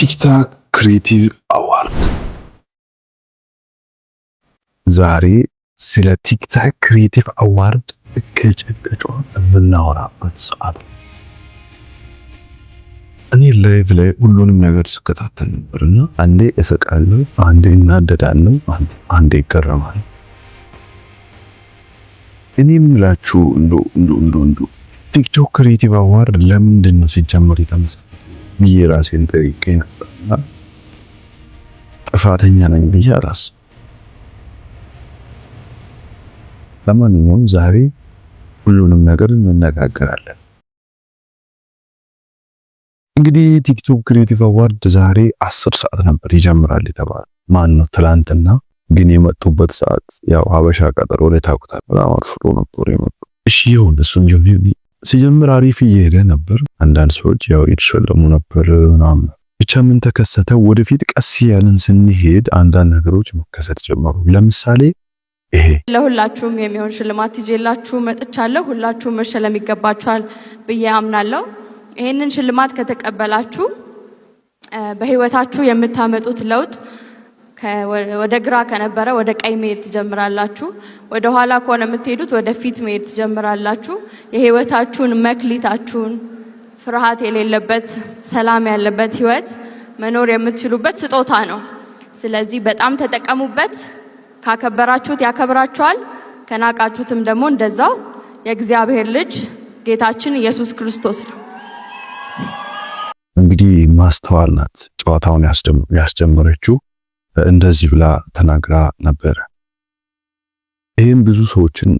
ቲክታክ ክሪኤቲቭ አዋርድ ዛሬ ስለ ቲክታክ ክሪኤቲቭ አዋርድ እከጨቀጮ የምናወራበት ሰዓት ነው። እኔ ላይቭ ላይ ሁሉንም ነገር ስከታተል ነበርና አንዴ እሰቃለሁ፣ አንዴ እናደዳለሁ፣ አንዴ ይገረማል። እኔ የምላችሁ እንዶ እንዶ እንዶ ቲክቶክ ክሪቲቭ አዋርድ ለምንድን ነው ሲጀመር የተመሰረተው? ብዬ ራሴን ጠይቄ ነበርና ጥፋተኛ ነኝ ብዬ አላስብም። ለማንኛውም ዛሬ ሁሉንም ነገር እንነጋገራለን። እንግዲህ ቲክቶክ ክሬቲቭ አዋርድ ዛሬ አስር ሰዓት ነበር ይጀምራል የተባለ ማን ነው? ትላንትና ግን የመጡበት ሰዓት ያው ሀበሻ ቀጠሮ ላይ ታውቁታል። በጣም አርፍዶ ነበር የመጡ። እሺ ይሁን እሱም ይሁን ሲጀምር አሪፍ እየሄደ ነበር። አንዳንድ ሰዎች ያው የተሸለሙ ነበር ምናምን። ብቻ ምን ተከሰተ? ወደፊት ቀስ ያለን ስንሄድ አንዳንድ ነገሮች መከሰት ጀመሩ። ለምሳሌ ይሄ ለሁላችሁም የሚሆን ሽልማት ይዤላችሁ መጥቻለሁ። ሁላችሁም መሸለም ይገባችኋል ብዬ አምናለሁ። ይህንን ሽልማት ከተቀበላችሁ በህይወታችሁ የምታመጡት ለውጥ ወደ ግራ ከነበረ ወደ ቀኝ መሄድ ትጀምራላችሁ። ወደ ኋላ ከሆነ የምትሄዱት ወደ ፊት መሄድ ትጀምራላችሁ። የህይወታችሁን መክሊታችሁን ፍርሃት የሌለበት ሰላም ያለበት ህይወት መኖር የምትችሉበት ስጦታ ነው። ስለዚህ በጣም ተጠቀሙበት። ካከበራችሁት ያከብራችኋል፣ ከናቃችሁትም ደግሞ እንደዛው። የእግዚአብሔር ልጅ ጌታችን ኢየሱስ ክርስቶስ ነው። እንግዲህ ማስተዋል ናት ጨዋታውን ያስጀመረችው። እንደዚህ ብላ ተናግራ ነበር ይህም ብዙ ሰዎችን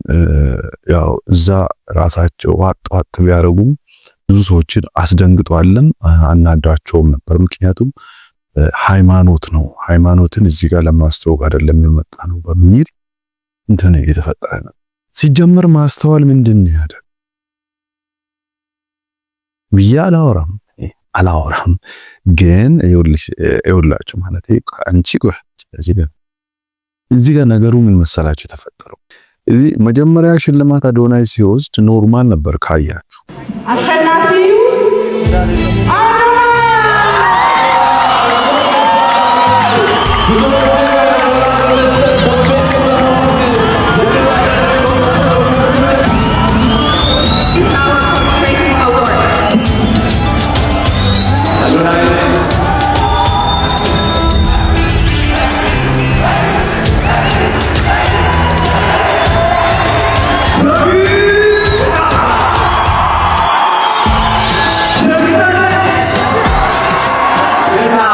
ያው እዛ ራሳቸው ዋጥ ዋጥ ቢያደርጉም ብዙ ሰዎችን አስደንግጧለን፣ አናዷቸውም ነበር። ምክንያቱም ሃይማኖት ነው፣ ሃይማኖትን እዚህ ጋር ለማስተዋወቅ አይደለም የመጣ ነው በሚል እንትን የተፈጠረ ነው። ሲጀምር ማስተዋል ምንድን ያደ ብዬ አላወራም አላወራም። ግን ይኸውላችሁ ማለት አንቺ እዚህ ጋር ነገሩ ምን መሰላችሁ የተፈጠረው እዚህ መጀመሪያ ሽልማት አዶናይ ሲወስድ ኖርማል ነበር ካያችሁ አሸናፊው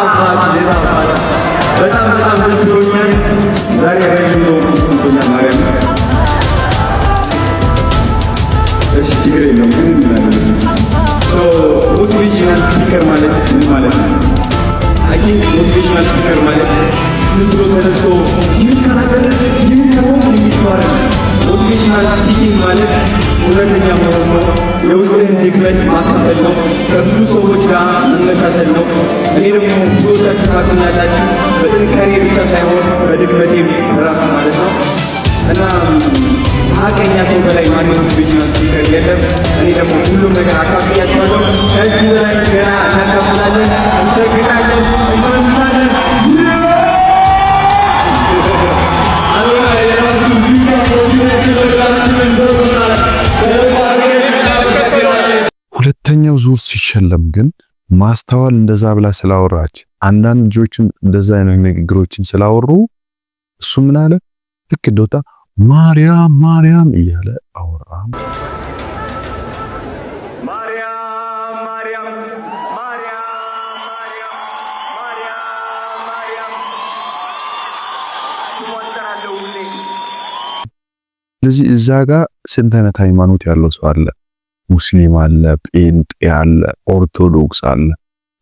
አባት በጣም በጣም ደስ ስፒከር ማለት ምን ማለት ነው? አይ ቲንክ ሞቲቬሽናል ስፒከር ማለት ዝም ብሎ ተነስቶ ይህን ካላደረግ ይህን ከሆን የሚሰዋል ሞቲቬሽናል ስፒኪንግ ማለት እውነተኛ መሆን ነው። የውስጥን ድክመት ማካፈል ነው። ከብዙ ሰዎች ጋር መመሳሰል ነው። እኔ ደግሞ ብዙዎቻችሁ ታውቁኛላችሁ። በጥንካሬ ብቻ ሳይሆን በድክመቴም ራሱ ማለት ነው እና ሀቀኛ ሰው በላይ ማንም ሞቲቬሽናል ስፒከር የለም። እኔ ደግሞ ሁሉም ነገር አካፍያችኋለሁ። ከዚህ በላይ ገና እናካፍላለን፣ እንሰግጣለን፣ እንመምሳ ሲሸለም ግን ማስተዋል እንደዛ ብላ ስላወራች አንዳንድ ልጆችም እንደዛ አይነት ንግግሮችን ስላወሩ እሱ ምን አለ ልክ ዶታ ማርያም ማርያም እያለ አወራ። ስለዚህ እዛ ጋር ስንት አይነት ሃይማኖት ያለው ሰው አለ። ሙስሊም አለ፣ ጴንጤ አለ፣ ኦርቶዶክስ አለ።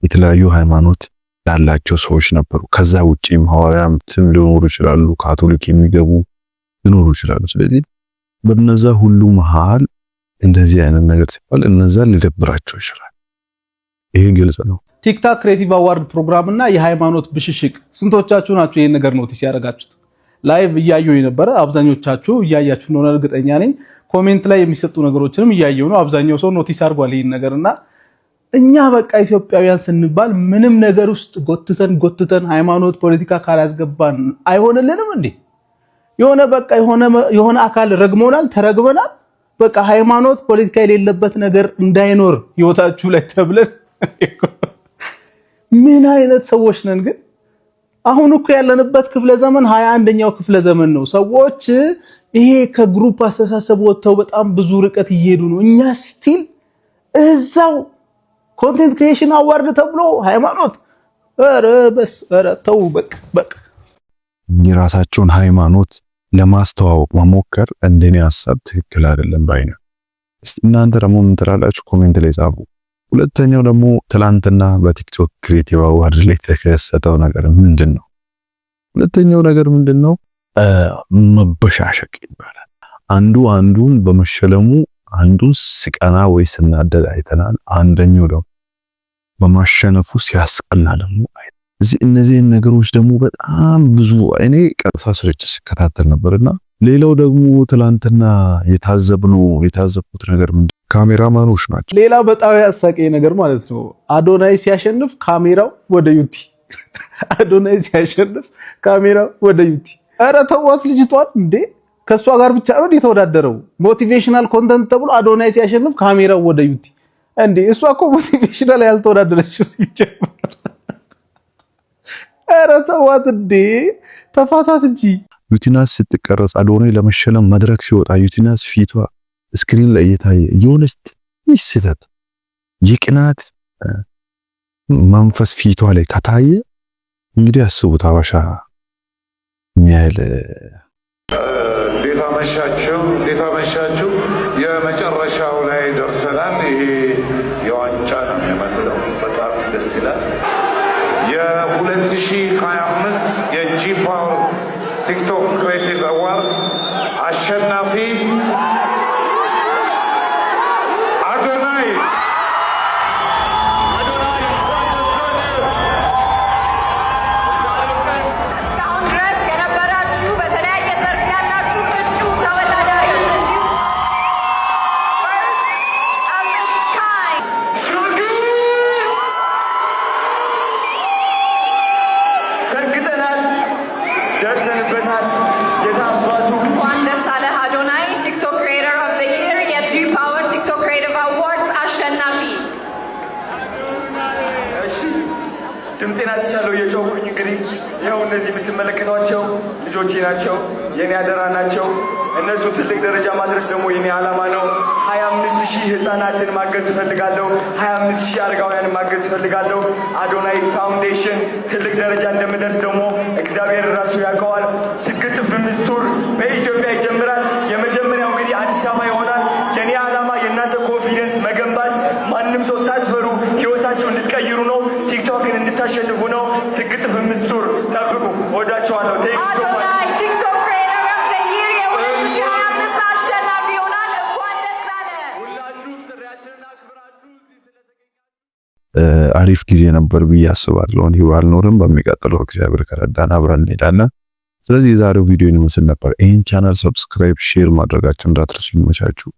የተለያዩ ሃይማኖት ያላቸው ሰዎች ነበሩ። ከዛ ውጪም ሐዋርያትም ሊኖሩ ይችላሉ፣ ካቶሊክ የሚገቡ ሊኖሩ ይችላሉ። ስለዚህ በነዛ ሁሉ መሃል እንደዚህ አይነት ነገር ሲባል እነዛ ሊደብራቸው ይችላል። ይህ ግልጽ ነው። ቲክታክ ክሬቲቭ አዋርድ ፕሮግራም እና የሃይማኖት ብሽሽቅ ስንቶቻችሁ ናችሁ ይህን ነገር ኖቲስ ያደረጋችሁት? ላይቭ እያዩ የነበረ አብዛኞቻችሁ እያያችሁ እንደሆነ እርግጠኛ ነኝ። ኮሜንት ላይ የሚሰጡ ነገሮችንም እያየው ነው። አብዛኛው ሰው ኖቲስ አድርጓል ይህን ነገር እና እኛ በቃ ኢትዮጵያውያን ስንባል ምንም ነገር ውስጥ ጎትተን ጎትተን ሃይማኖት፣ ፖለቲካ ካላስገባን አይሆንልንም እንዴ? የሆነ በቃ የሆነ አካል ረግሞናል፣ ተረግመናል። በቃ ሃይማኖት፣ ፖለቲካ የሌለበት ነገር እንዳይኖር ህይወታችሁ ላይ ተብለን ምን አይነት ሰዎች ነን ግን? አሁን እኮ ያለንበት ክፍለ ዘመን ሃያ አንደኛው ክፍለ ዘመን ነው። ሰዎች ይሄ ከግሩፕ አስተሳሰብ ወጥተው በጣም ብዙ ርቀት እየሄዱ ነው። እኛ ስቲል እዛው ኮንቴንት ክሪኤሽን አዋርድ ተብሎ ሃይማኖት ኧረ በስ ኧረ ተው በቅ በቅ የራሳቸውን ሃይማኖት ለማስተዋወቅ መሞከር እንደኔ ሀሳብ ትክክል አይደለም ባይነ። እስቲ እናንተ ደግሞ ምን ትላላችሁ? ኮሜንት ላይ ጻፉ። ሁለተኛው ደግሞ ትላንትና በቲክቶክ ክሬቲቭ አዋርድ ላይ የተከሰተው ነገር ምንድን ነው? ሁለተኛው ነገር ምንድን ነው? መበሻሸቅ ይባላል። አንዱ አንዱን በመሸለሙ አንዱን ሲቀና ወይ ስናደድ አይተናል። አንደኛው ደግሞ በማሸነፉ ሲያስቀና ደግሞ እነዚህን ነገሮች ደግሞ በጣም ብዙ እኔ ቀጥታ ስርጭት ሲከታተል ነበርና ሌላው ደግሞ ትላንትና የታዘብነው የታዘብኩት ነገር ምንድን ካሜራማኖች ናቸው። ሌላ በጣም ያሳቀኝ ነገር ማለት ነው አዶናይ ሲያሸንፍ ካሜራው ወደ ዩቲ፣ አዶናይ ሲያሸንፍ ካሜራው ወደ ዩቲ ኧረ ተዋት ልጅቷን እንዴ! ከእሷ ጋር ብቻ ነው የተወዳደረው። ሞቲቬሽናል ኮንተንት ተብሎ አዶናይ ሲያሸንፍ ካሜራው ወደ ዩቲ እንዴ! እሷ እኮ ሞቲቬሽናል ያልተወዳደረችው ሲጀምር። ኧረ ተዋት እንዴ! ተፋታት እንጂ። ዩቲናስ ስትቀረጽ አዶናይ ለመሸለም መድረክ ሲወጣ ዩቲናስ ፊቷ ስክሪን ላይ እየታየ የሆነች ትንሽ ስህተት የቅናት መንፈስ ፊቷ ላይ ከታየ እንግዲህ አስቡት አበሻ ያህል እንዴት አመሻችሁ፣ እንዴት አመሻችሁ። የመጨረሻው ላይ ደርሰናል። ይሄ የዋንጫ ነው የሚመስለው። በጣም ደስ ይላል። የ2025 የጂ ፓወር ቲክቶክ ክሬቲቭ አዋርድ አሸናፊ ተቻለው እየጮኩኝ እንግዲህ ያው እነዚህ የምትመለከቷቸው ልጆቼ ናቸው፣ የኔ አደራ ናቸው። እነሱ ትልቅ ደረጃ ማድረስ ደግሞ የኔ ዓላማ ነው። ሀያ አምስት ሺህ ህፃናትን ማገዝ እፈልጋለሁ። ሀያ አምስት ሺህ ማገዝ እፈልጋለሁ። አዶናይ ፋውንዴሽን ትልቅ ደረጃ እንደምደርስ ደግሞ እግዚአብሔር ራሱ ያውቀዋል። አሪፍ ጊዜ ነበር ብዬ አስባለሁ። እኔ ባልኖርም በሚቀጥለው እግዚአብሔር ከረዳን አብረን እንሄዳለን። ስለዚህ የዛሬው ቪዲዮ ይመስል ነበር። ይህን ቻናል ሰብስክራይብ፣ ሼር ማድረጋችሁ እንዳትረሱ። ይመቻችሁ።